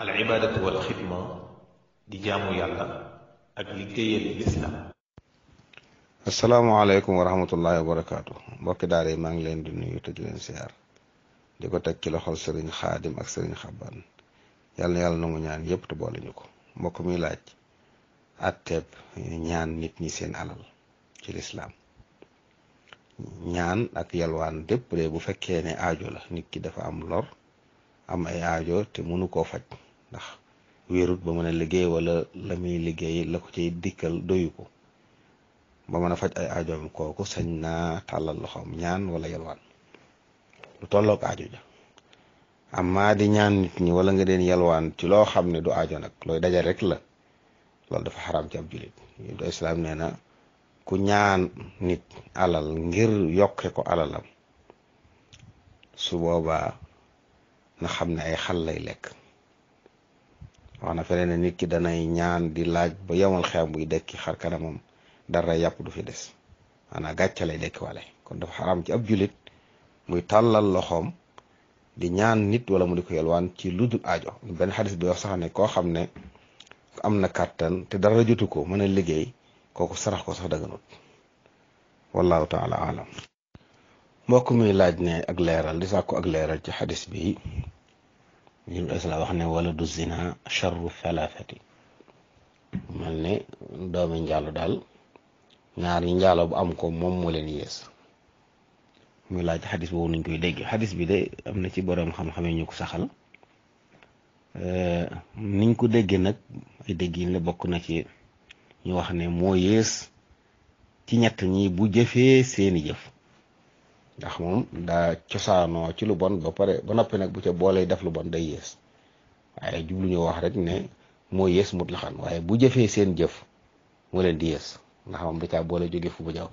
al ibaadatu wal xidma di jaamu yàlla ak liggéeyal lislaam asalaamaaleykum wa rahmatullahi wa barakaatu mbokki daal yi maa ngi leen di nuyu te di leen siyaar di ko teg ci loxol sëriñ xaadim ak sëriñ xaban yàlla na yàlla nangu ñaan yépp te boole ñu ko mbokk mi laaj atteeb ñaan nit ñi seen alal ci lislaam ñaan ak yalwaan dépp bu fekkee ne aajo la nit ki dafa am lor am ay aajo te mënu koo faj ndax wéerut ba mën a liggéey wala la muy liggéey la ko cay dikkal doyu ko ba mën a faj ay aajoom kooku sañ naa tàllal loxoom ñaan wala yalwaan lu tollook ajo ja amma di ñaan nit ñi wala nga deen yalwaan ci loo xam ne du ajo nag looy daja rek la loolu dafa xaraam ci ab julit do islaam nee na ku ñaan nit alal ngir yokke ko alalam su boobaa na xam ne ay xal lay lekk wax na feneen ne nit ki danay ñaan di laaj ba yomal xeem buy dekki xar kanamam dara yàpp du fi des maanaam gàcce lay dekkiwaale kon dafa xaram ci ab julit muy tàllal loxom di ñaan nit wala mu di ci lu dul aajo benn xadis bi sax ne koo xam ne am na kàttan te dara jotu ko mën a liggéey kooku sarax ko sax daganut wallahu taala alam mbokk mi laaj ne ak leeral di sàkku ak leeral ci xadis bi ñu isla wax ne wala du zina charru falafati mel ne doomi njaalo daal ñaar yi njaalo bu am ko moom moo leen yées muy laaj xadis boobu nuñ koy dégg xadis bi de am na ci borom xam-xam yi ñu ko saxal eh, niñ ko déggee nag ay dégg yi la bokk na ci ñu wax ne moo yées ci ñett ñi bu jëfee seeni jëf ndax moom daa cosaanoo ci lu bon ba pare ba noppi nag bu ca boolee def lu bon day yées waaye jublu ñu wax rek ne mooy yées mut laxan waaye bu jëfee seen jëf moo leen di yées ndax moom da caa boole jóge fu bu jaw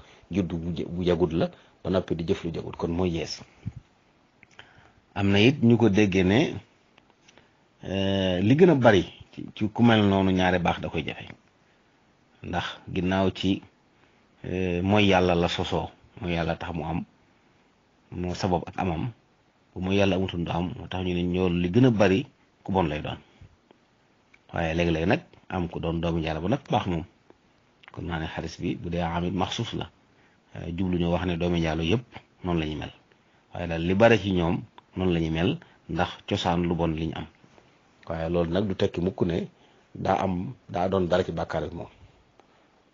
jagut la ba noppi di jëf lu jagut kon mooy yées am na it ñu ko déggee ne eh, li gën a bari ci ku mel noonu ñaare baax da koy jafe ndax ginnaaw ci eh, mooy yàlla la sosoo mooy yàlla tax mu am moo sabab ak amam bu mooy yàlla amutoon du am moo tax ñu ne ñool li gën a bari ku bon lay doon waaye léegi-léegi nag am ku doon doomu jaara ba nag baax moom kon naa ne bi bu dee amit maxsuus la jublu ñu wax ne doomu jaalo yëpp noonu la mel waaye daal li bari ci ñoom noonu lañuy mel ndax cosaan lu bon liñ am waaye loolu nag du tekki mukk ne daa am daa doon dara ci bàkkaar bi moom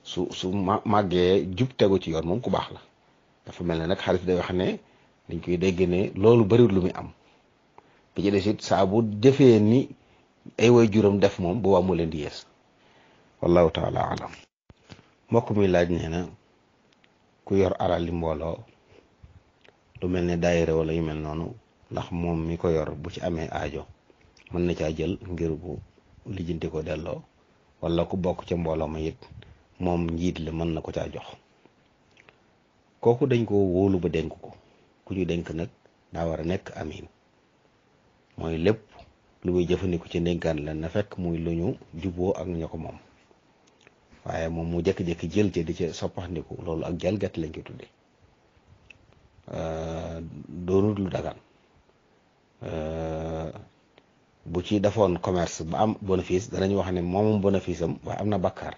su su màggee jub tegu ci yoon moom ku baax la dafa mel ne nag xaris day wax ne dañ koy dégg ne loolu bariwul lu muy am bi ci des it saa bu defee ni ay juram def moom boo waa mu leen di yees wallahu taala alam mbokk mi laaj nee na ku yor alal li mbooloo lu mel ne daayira wala yu mel noonu ndax moom mi ko yor bu ci amee ajo mën na caa jël ngir bu lijjanti ko delloo wala ku bokk ca mbooloo ma it moom njiit la mën na ko caa jox kooku dañ ko wóolu ba dénk ko ku ñu dénk nag daa war a nekk amin mooy lépp lu muy jëfandiku ci ndénkaan lan na fekk muy lu ñu juboo ak ña ko moom waaye moom mu jékki-jékki jël ca di ca soppaxndiku loolu ak jalgati lañ koy tudde euh, doonut lu dagan euh, bu ci defoon commerce ba am bénéfice danañu wax ne moomum bénéfice am waaye am na bakkaar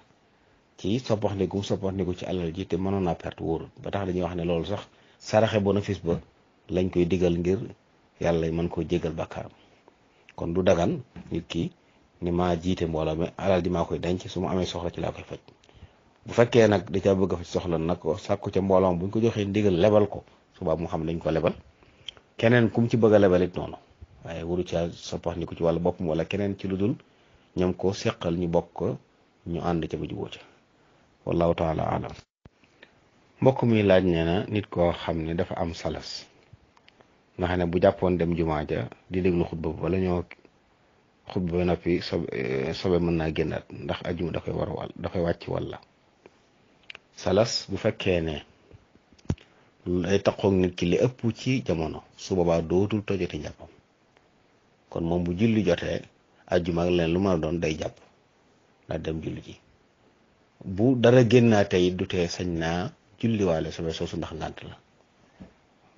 ci soppaxndiku soppaxndiku ci alal jiite te mënoon naa perte wóorut ba tax dañuy wax ne loolu sax saraxe bénéfice ba lañ koy digal ngir yàlla mën koo jégal bàkkaaram kon du dagan nit ki ni maa jiite mbooloo mi alal di maa koy denc su ma amee soxla ci laa koy faj bu fekkee nag da caa bëgg a faj soxla nag ko ca mbooloom buñ ko joxee ndigal lebal ko suba moo xam lañ ko lebal keneen kum ci bëgg a lebal it noonu waaye waru caa soppax ni ko ci wàllu boppam wala keneen ci lu dul ñoom ko seqal ñu bokk ñu ànd ca ba juboo ca wallahu taala alam mbokk mi laaj nee na nit koo xam ne dafa am salas nga xam ne bu jàppoon dem jumaa ja di déglu xutba ba la ñoo xutba ba noppi sobe eh, sobe mën naa génnaat ndax ajuma da koy war wal da walla salas bu fekkee ne day taqoog nit ki li ëpp ci jamono su boobaa dootul tojati njàppam kon moom bu julli jotee ajuma ak leen lu ma a doon day jàpp ndax dem julli bu dara génnaate tey du tee sañ naa julliwaale sobe soosu ndax ngànt la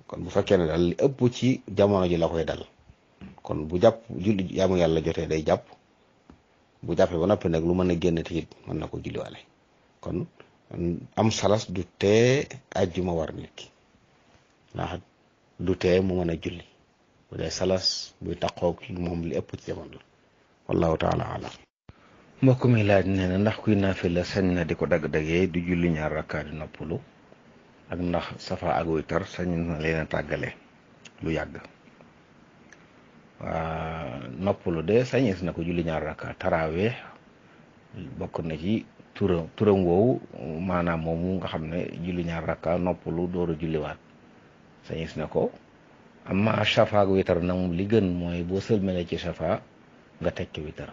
kon bu fekkee ne dal li ëpp ci jamono ji la koy dal kon bu jàpp julli jaamu yàlla jotee day jàpp bu jàppee ba noppi nag lu mën a génn te it mën na ko julliwaale kon am salas du tee ajjuma war nit ki ndax du tee mu mën a julli bu dee salas buy taqoog moom li ëpp ci jamono la wallahu taala alam mbokk mi laaj nee na ndax kuy naafila sañ na di ko dagg-daggee du julli ñaar rakkaa di noppalu ak ndax safa ak witar sañ na leen a tàggale lu yàgg waa noppalu de sañees na ko julli ñaar rakkaa taraawee bokk na ci turam turam woowu maanaam moomu nga xam ne julli ñaar rakkaa noppalu door a julliwaat sañees na ko amma safa ak witar nag li gën mooy boo sëlmale ci safa nga teg ci witar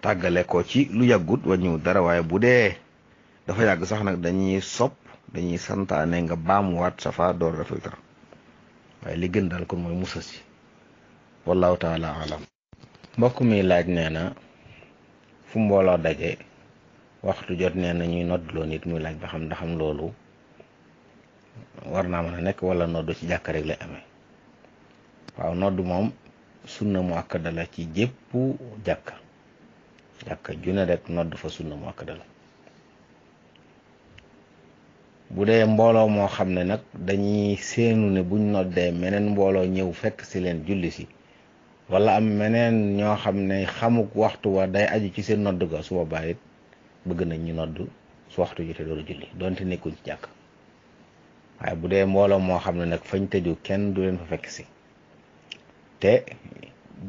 tàggale ko ci lu yàggut wàññiwul dara waaye bu dee dafa yàgg sax nag dañuy sopp dañuy santaane nga baamuwaat safa door a filtre waaye li gën daal kon mooy musa si wallahu taala alam mbokk mi laaj nee na fu mbooloo daje waxtu jot nee na ñuy noddloo nit muy laaj ba xam ndaxam loolu war naa mën a nekk wala noddu ci jàkka rek lay ame waaw noddu moom sunna mu akkada la ci jépp jàkka jàkka june rek nodd fa sunna mu dal bu dee mbooloo moo xam ne nag dañuy seenu ne buñ noddee meneen mbooloo ñëw fekk si leen julli si wala am meneen ñoo xam ne xamuk waxtu wa day aju ci seen nodd ga suba bàyyit bëgg nañ ñu nodd su waxtu jotee dooru julli donte nekkuñ ci jàkk waaye bu dee mbooloo moo xam ne nag fañ tëju kenn du leen fa fekk si te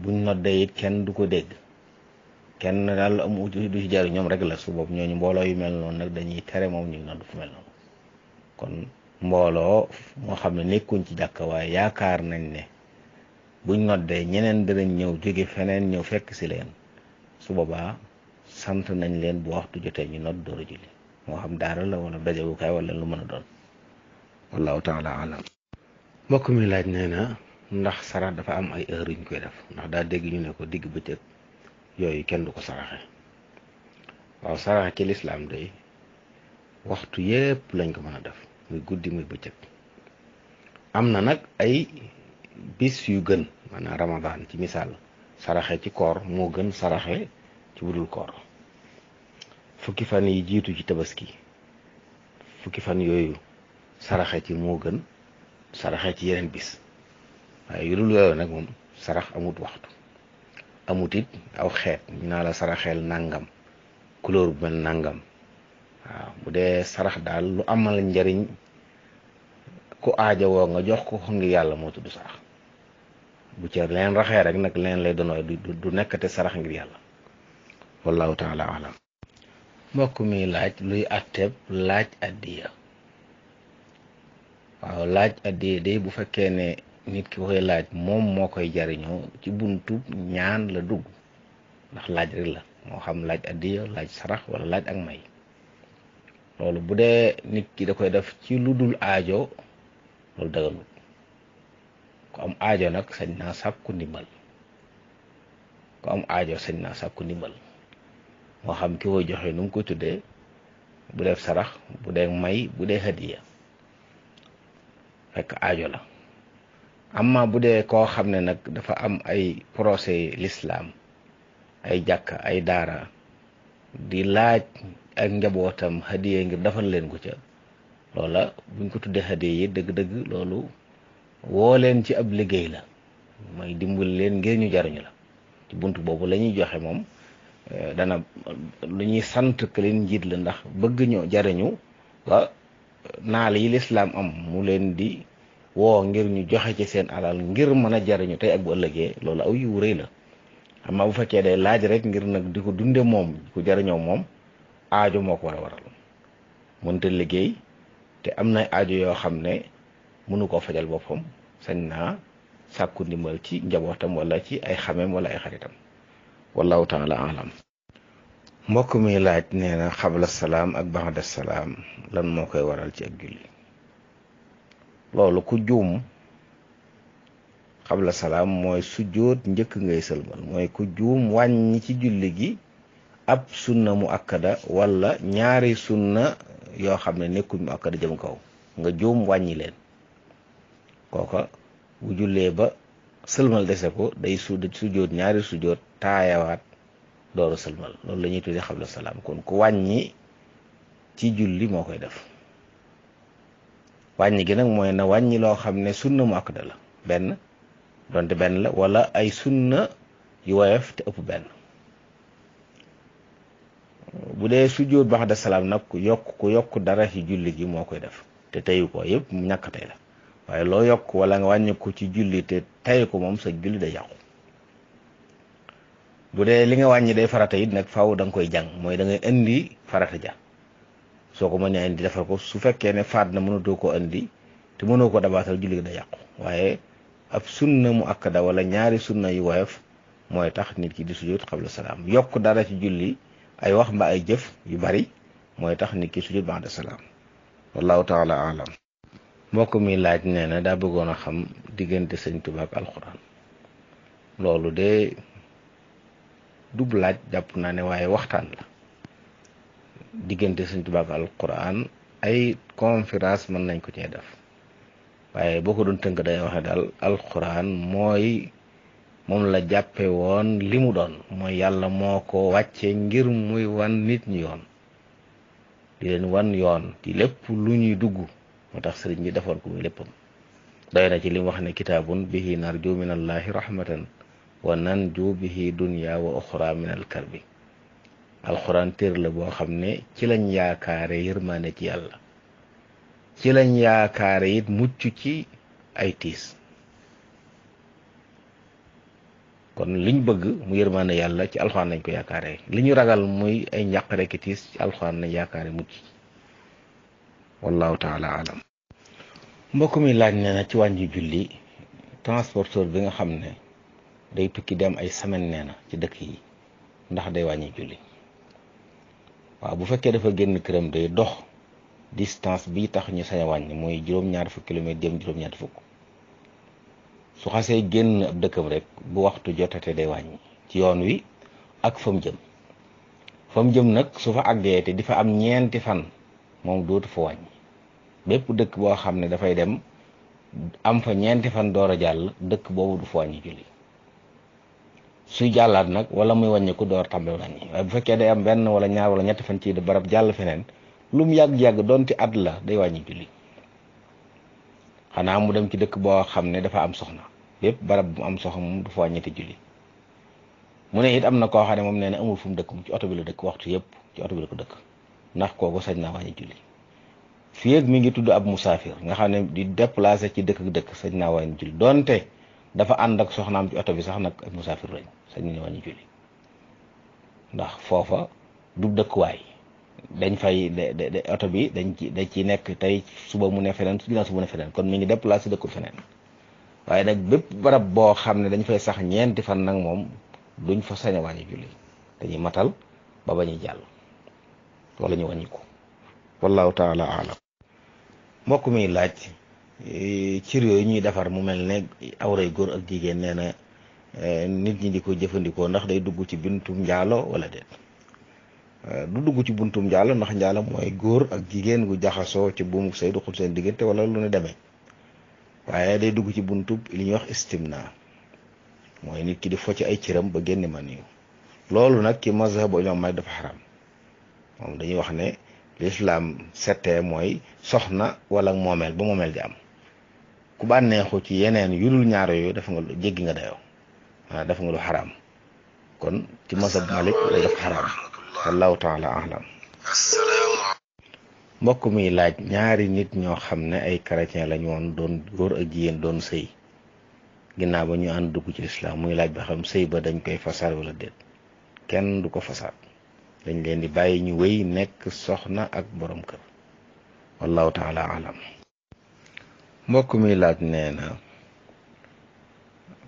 buñ noddee it kenn du ko dégg kenn daal am du ci jariñ ñoom rek la su boobu ñooñu mbooloo yu mel noonu nag dañuy tere moom ñu noddu fu mel noonu kon mbooloo moo xam ne nekkuñ ci jàkka waaye yaakaar nañ ne buñ noddee ñeneen danañ ñëw jóge feneen ñëw fekk si leen su boobaa sant nañ leen bu waxtu jotee ñu nodd door julli moo xam daara la wala dajewukaay wala lu mën a doon wallahu taala alam mbokk mi laaj nee na ndax saraat dafa am ay heure yuñ koy def ndax daa dégg ñu ne ko digg bëccëg yooyu kenn du ko saraxe waaw saraxe ci lislaam day waxtu yépp lañ ko mën a def muy guddi muy bëccëg am na nag ay bis yu gën mën na ramadan ci misaal saraxe ci koor moo gën saraxe ci budul koor fukki fan yi jiitu ci tabaski fukki fan yooyu saraxe ci moo gën saraxe ci yeneen bis waaye yu dul yooyu nag moom sarax amut waxtu amut it aw xeet naa la saraxeel nangam couleur bu mel nangam waaw bu dee sarax daal lu amal njariñ ku woo nga jox ko ngi yàlla moo tudd sarax bu ci leen raxee rek nag leen lay doon du du nekkate sarax ngir yàlla wallahu taala alam mbokk mi laaj luy àtteeb laaj addiya waaw laaj addiya day bu fekkee ne nit ki koy laaj moom moo koy jariñoo ci buntu ñaan la dugg ndax laaj rek la moo xam laaj addiya laaj sarax wala laaj ak may loolu bu dee nit ki da koy def ci lu dul aajo loolu daganut ku am aajo nag sañ naa sàkku ndimbal ku am aajo sañ naa sàkku ndimbal moo xam ki koy joxe nu mu koy tudde bu def sarax bu dee may bu dee hadiya fekk aajo la amma bu dee koo xam ne nag dafa am ay procès lislaam ay jàkk ay daara di laaj ak njabootam hadiye ngir defal leen ko ca loola buñ ko tuddee hadiye yi dëgg-dëgg loolu woo leen ci ab liggéey la mooy dimbal leen ngir ñu jaruñu la bunt boobu lañuy joxe moom eh, dana lu ñuy sant leen njiit la ndax bëgg ñoo jariñu ba naal yi lislaam am mu leen di woo ngir ñu joxe ci seen alal ngir mën a jariñu tey ak bu ëllëgee loolu aw yiw rëy la xam naa bu fekkee day laaj rek ngir nag di ko dunde moom di ko jariñoo moom aajo moo ko war a waral mënta liggéey te am na aajo yoo xam ne mënu koo fajal boppam sañ na sàkku ndimbal ci njabootam wala ci ay xameem wala ay xaritam wallahu taala alam mbokk mi laaj nee na xabla salaam ak baxda salaam lan moo koy waral ci ak julli loolu ku juum xabla salaam mooy sujjóot njëkk ngay sëlmal mooy ku juum wàññi ci julli gi ab sunna mu akkada wala ñaari sunna yoo xam ne nekkuñ mu akkada jëm kaw nga juum wàññi leen kooka bu jullee ba sëlmal dese ko day su sujjóot ñaari sujjóot taayawaat dooru sëlmal loolu lañuy ñuy xabla salaam kon ku wàññi ci julli moo koy def wàññi gi nag mooy na wàññi loo xam ne sunna mu akkada la benn donte benn la wala ay sunna yu woyof te ëpp benn bu dee sujjóot ba'da salaam nag ku yokk ku yokk dara ci julli gi moo koy def te teyu ko yëpp ñàkk tey la waaye loo yokk wala nga wàññi ko ci julli te tey ko moom sa julli da yàqu bu dee li nga wàññi day farata it nag faw danga koy jàng mooy dangay indi farata ja soo ko mënee indi defar ko su fekkee ne faat na mënatoo koo indi te mënoo ko dabaatal julli da yàqu waaye ab sunna mu akkada wala ñaari sunna yu woyof mooy tax nit ki di sujjóot xabla salaam yokk dara ci julli ay wax ay jëf yu bari mooy tax nit ki sujjóot ba'da salaam wallahu taala alam mbokk mi laaj nee na daa bëggoon a xam diggante sëñ Tuubaa ak alxuraan loolu de dub laaj jàpp naa ne waaye waxtaan la diggante Sëñ Tuubaa ak alquran ay conférence mën nañ ko cee def waaye boo ko doon tënk day waxe daal alquran mooy moom la jàppe woon limu mu doon mooy yàlla moo ko wàcce ngir muy wan nit ñi yoon di wan yoon ci lépp lu ñuy dugg moo tax sëriñ bi defoon ko muy léppam doy na ci li mu wax ne kitaabun bihi narju min allahi rahmatan wa nanju bihi dunya wa oxra min alkarbi alxuraan téere la boo xam ne ci lañ yaakaare yërmaane ci yàlla ci lañ yaakaare it mucc ci ay tiis kon liñ bëgg mu yërmaane yàlla ci alxuraan lañ ko yaakaare li ñu ragal muy ay njàqare ki tiis ci alxuraan lañ yaakaare mucc ci wallahu taala alam mbokk mi laaj ne na ci wàññi julli transporteur bi nga xam ne day tukki dem ay semaine nee na ci dëkk yi ndax day wàññi julli waaw bu fekkee dafa génn këram day dox distance bi tax ñu sañ a wàññi mooy juróom-ñaar fukki kilomètre jëm juróom-ñaar fukk su xasee génn ab dëkkam rek bu waxtu jotatee day wàññi ci yoon wi ak fa jëm fa jëm nag su fa àggee te di fa am ñeenti fan moom dootu fa wàññi bépp dëkk boo xam ne dafay dem am fa ñeenti fan door a jàll dëkk boobu du fa wàññi julli suy jàllaat nag wala muy wàññiku door tàmbali wàññi waaye bu fekkee day am benn wala ñaar wala ñetti fan ci barab jàll feneen lu mu yàgg-yàgg doonte at la day wàññi julli xanaa mu dem ci dëkk boo xam ne dafa am soxna bépp barab bu am soxna moom dafa wàññite mu ne it am na koo xam moom nee na amul fu mu dëkk ci oto bi la dëkk waxtu yëpp ci oto bi la ko dëkk ndax kooku sañ naa wàññi julli fii ak mi ngi tudd ab musaafir nga xam ne di déplacé ci dëkk dëkk sañ naa wàññi doonte dafa ànd ak soxnaam ci oto bi sax nag ak musaafir lañ sax ñu ñëwaat ñu julli ndax foofa du dëkkuwaay dañ fay de oto bi dañ ci dañ ciy nekk tey suba mu ne feneen ginnaaw suba ne feneen kon mu ngi déplacé dëkkul feneen waaye nag bépp barab boo xam ne dañ fay sax ñeenti fan nag moom duñ fa sañ wàññi julli dañuy matal ba ba ñuy jàll wala ñu wàññi ko wallahu taala mbokk mi laaj Eh, cir yooyu ñuy defar mu mel ne awray góor ak jigéen nee na eh, nit ñi di ko jëfandikoo ndax day dugg ci buntum njaalo wala déet eh, du dugg ci buntum njaalo ndax njaalo mooy góor ak jigéen gu jaxasoo ci buumu sëy du xul seen diggante wala lu ne demee waaye day dugg ci buntu li ñuy wax istimna mooy nit ki di focc ay ciram ba génn man yu loolu nag ci mazhabu imam Malik dafa xaram moom dañuy wax ne lislaam sette mooy soxna wala moomeel ba moomeel di am ku bànneexu ci yeneen yu dul ñaar yooyu def nga jéggi nga dayoo waaw def nga lu xaraam kon ci masab malik lu def mbokk mi laaj ñaari nit ñoo xam ne ay chrétien lañu woon doon góor ak jigéen doon sëy ginnaaw ba ñu ànd dugg ci lislaam muy laaj ba xam sëy ba dañ koy fasaat wala déet kenn du ko fasaat dañ leen di bàyyi ñu wéy nekk soxna ak borom kër wallahu taala alam mbokk mi laaj nee na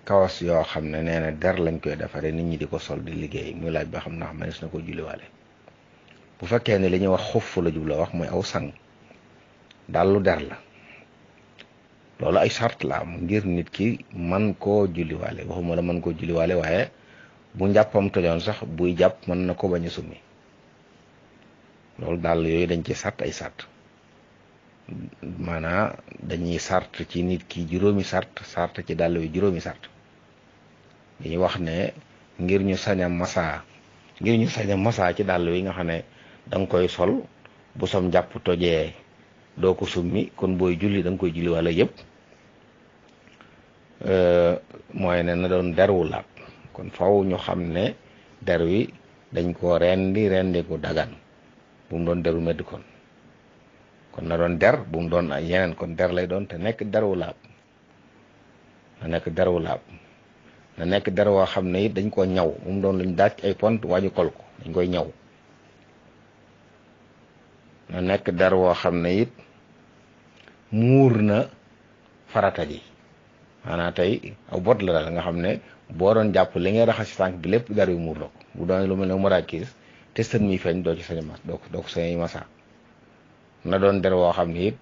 kawas yoo xam ne nee na der lañ koy defaree nit ñi di ko sol di liggéey muy laaj ba xam naa manis na ko julliwaale bu fekkee ne lañuy ñuy wax xuff la jubla wax mooy aw sang dallu der la loolu ay sart la am ngir nit ki man koo julliwaale waxuma la man koo julliwaale waaye bu njàppam tojoon sax buy jàpp mën na ko bañ a summi loolu daal yooyu dañ ci sart ay sart maanaa dañuy sart ci nit ki juróomi sart sart ci dàll wi juróomi sart dañuy wax ne ngir ñu saña a ngir ñu saña a masaa ci dàll wi nga xam ne danga koy sol bu som jàpp tojee doo ko summi kon booy julli da koy julli wala yëpp euh, mooy ne na doon derwu laab kon faw ñu xam ne der wi dañ ko rendi rendi ku dagan bu mu doon deru medd kon kon na doon der bu mu doon ay yeneen kon der lay doon te nekk derwu laab na nekk derwu laab na nekk der woo xam ne it dañ koo ñaw mu mu doon daaj ay pont waa ko dañ koy ñaw na nekk der woo xam ne it muur na farata ji maanaam tey a bot la daal nga xam ne boo doon jàpp li ngay raxas ci tànk bi lépp der wi muur na ko bu doon lu mel ne maraakis te sën mi feeñ doo ci sañ mas doo masa na doon der woo xam ne it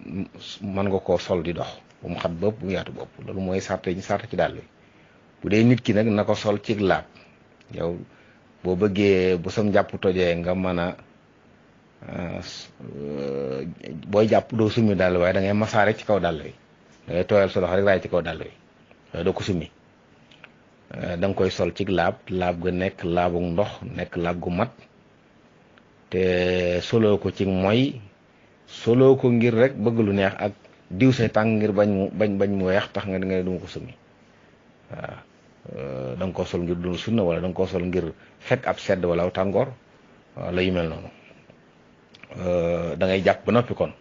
mën nga koo sol di dox bu mu xat bopp bu mu yaatu bopp loolu mooy sart yi ñu sart ci dàll bi bu dee nit ki nag na ko sol ci laab yow bëggee bu sam jàpp tojee nga mën a euh, booy jàpp doo summi dàll waaye da ngay masaare ci kaw dàll bi da ngay rek raay ci kaw dàll bi waaye doo euh, koy sol ci laab laab ga nekk laabu ndox nekk laab gu mat te soloo ko ci mooy soloo ko ngir rek bëgg lu neex ak diw say tàng ngir bañ mu bañ bañ mu weex tax nga ne nga ne du ma ko summi waaw euh, da nga koo sol ngir dund sunna wala da koo sol ngir fekk ab sedd wala aw tàngoor walla yu mel noonu euh, da ngay jàpp ba noppi kon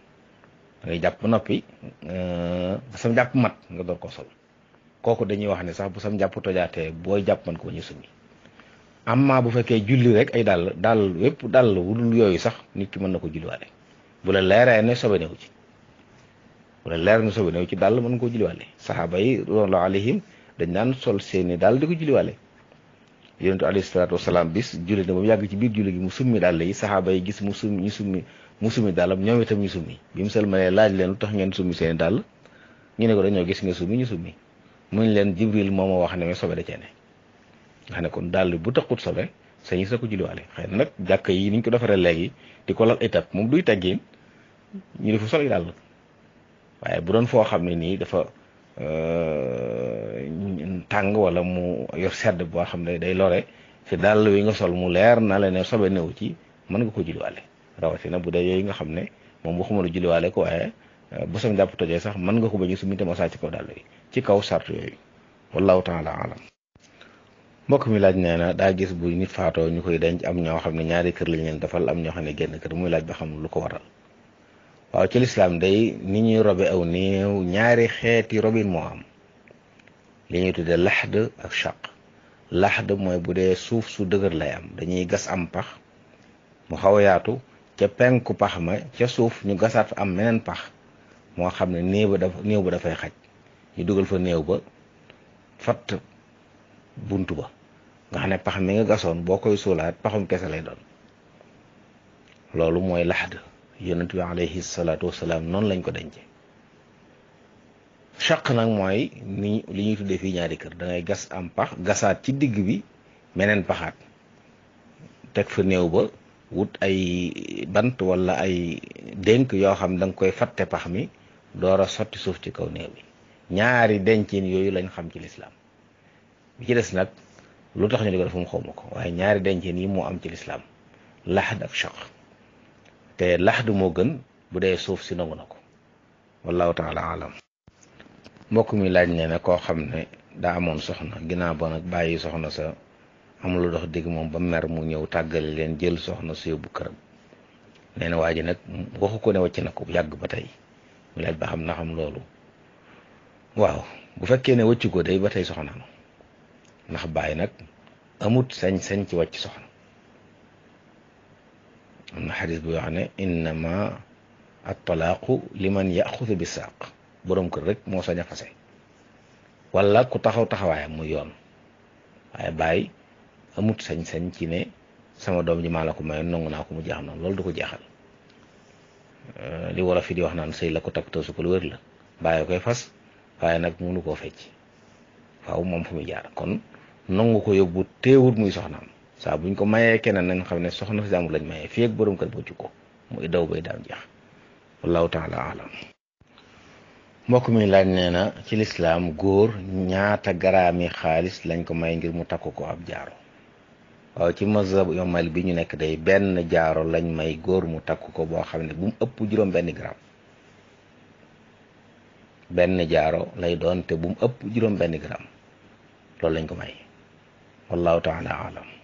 da jàpp ba noppi euh, ba sam jàpp mat nga door ko sol kooku dañuy wax ne sax bu sam jàpp tojaatee booy jàpp man ko ñu summi amma bu fekkee julli rek ay dàll dàll wépp dàll wudul yooyu sax nit ki mën na ko julliwaale bu la leeree ne sobe newu ci bu la leer ne sobe newu ci dàll mën nga koo julliwaale saxaaba yi radiyallaahu alayhim dañ daan sol seeni daal di ko julliwaale yonentu alayhi salaatu wasalaam bis julli na ba mu yàgg ci biir julli gi mu summi dàll yi saxaaba yi gis mu summi ñu summi mu summi dàllam ñoom itam ñu summi bi mu sëlmalee laaj leen lu tax ngeen summi seeni dàll ñu ne ko dañoo gis nga summi ñu summi muñ leen jibril moo ma wax ne ma sobe da cee ne nga xam ne kon dàll bu taxut sobe sañi sa ko julliwaale xëy na nag jàkk yi niñ ko defaree léegi di ko lal étape moom duy teggin ñu defu sol yi daal waaye bu doon foo xam ne nii dafa euh, tàng wala mu yor sedd boo xam ne day lore ci dàll wi nga sol mu leer na la ne sobe newu ci mën nga ko julliwaale rawatina bu dee yooyu nga xam ne moom waxuma la julliwaale ko waaye euh, bu sam jàpp tojee sax mën nga ko bañu summi tam asaa ci kaw dàll yi ci kaw sart yooyu wallahu taala alam mbokk mi laaj nee na daa gis bu nit faatoo ñu koy denc am ñoo xam ne ñaari kër lañ leen defal am ñoo xam ne génn kër muy laaj ba xam lu ko waral waaw ci lislaam day ni ñuy robe aw néew ñaari xeeti robin moo am li ñuy tuddee laxd ak chaq laxd mooy bu dee suuf su dëgër lay am dañuy gas am pax mu xaw a ca penku pax ma ca suuf ñu gasaat am meneen pax moo xam ne néew ba dafa néew ba dafay xaj ñu dugal fa néew ba fatt bunt ba nga xam ne pax mi nga gasoon boo koy suulaat paxum kese lay doon loolu mooy laxd yonent bi alayhi salaatu wasalaam noonu lañ ko dencee chaq nag mooy ni li ñuy tuddee fii ñaari kër dangay gas am pax gasaat ci digg bi meneen paxaat teg fa néew ba wut ay bant wala ay dénk yoo xam da nga koy fatte pax mi door a sotti suuf ci kaw néew bi ñaari dencin yooyu lañ xam ci lislaam bi ci des nag lu tax ñu di ko def mu xawma ko waaye ñaari dencin yi moo am ci lislaam lahad ak chaq te du moo gën bu dee suuf si nangu na ko wallahu taala alam mbokk mi laaj ne ne koo xam ne daa amoon soxna ginnaaw ba nag bàyyi soxna sa amul dox dégg moom ba mer mu ñëw tàggale leen jël soxna sa yóbbu këram nee na waa ji nag waxu ko ne wàcc na ko bu yàgg ba tey mu laaj ba xam na xam loolu waaw bu fekkee ne wàccu ko day ba tey soxna na ndax bàyyi nag amut sañ-sañ ci wàcc soxna am na xadis bu wax ne ak at-talaaqu liman yaxudu bi saaq boroom kër rek moo sañ a fase wala ku taxaw taxawaayam mu yoon waaye bàyyi amut sañ-sañ ci ne sama doom ji maa la ko mayoon nangu naa ko mu jeexam noonu loolu du ko jeexal euh, li wolof yi di wax naan sëy la ko takk toosu ko lu wér la bàyyi koy fas waaye nag mënu koo fecc faaw moom fu muy jaar kon nangu ko yóbbu teewut muy soxnaam saa buñ ko mayee keneen nañ xam ne soxna si amul lañ mayee fii ak borom kër ba jukko muy daw bay daan jeex wallahu taala alam mbokk mi laaj nee na ci lislaam góor ñaata garaami xaalis lañ ko may ngir mu takk ko ab jaaro waaw ci mazhab yomal bi ñu nekk day benn jaaro lañ may góor mu takk ko boo xam ne bum mu ëpp juróom benn gram benn jaaro lay doon te bu ëpp juróom benn gram loolu lañ ko may wallahu taala alam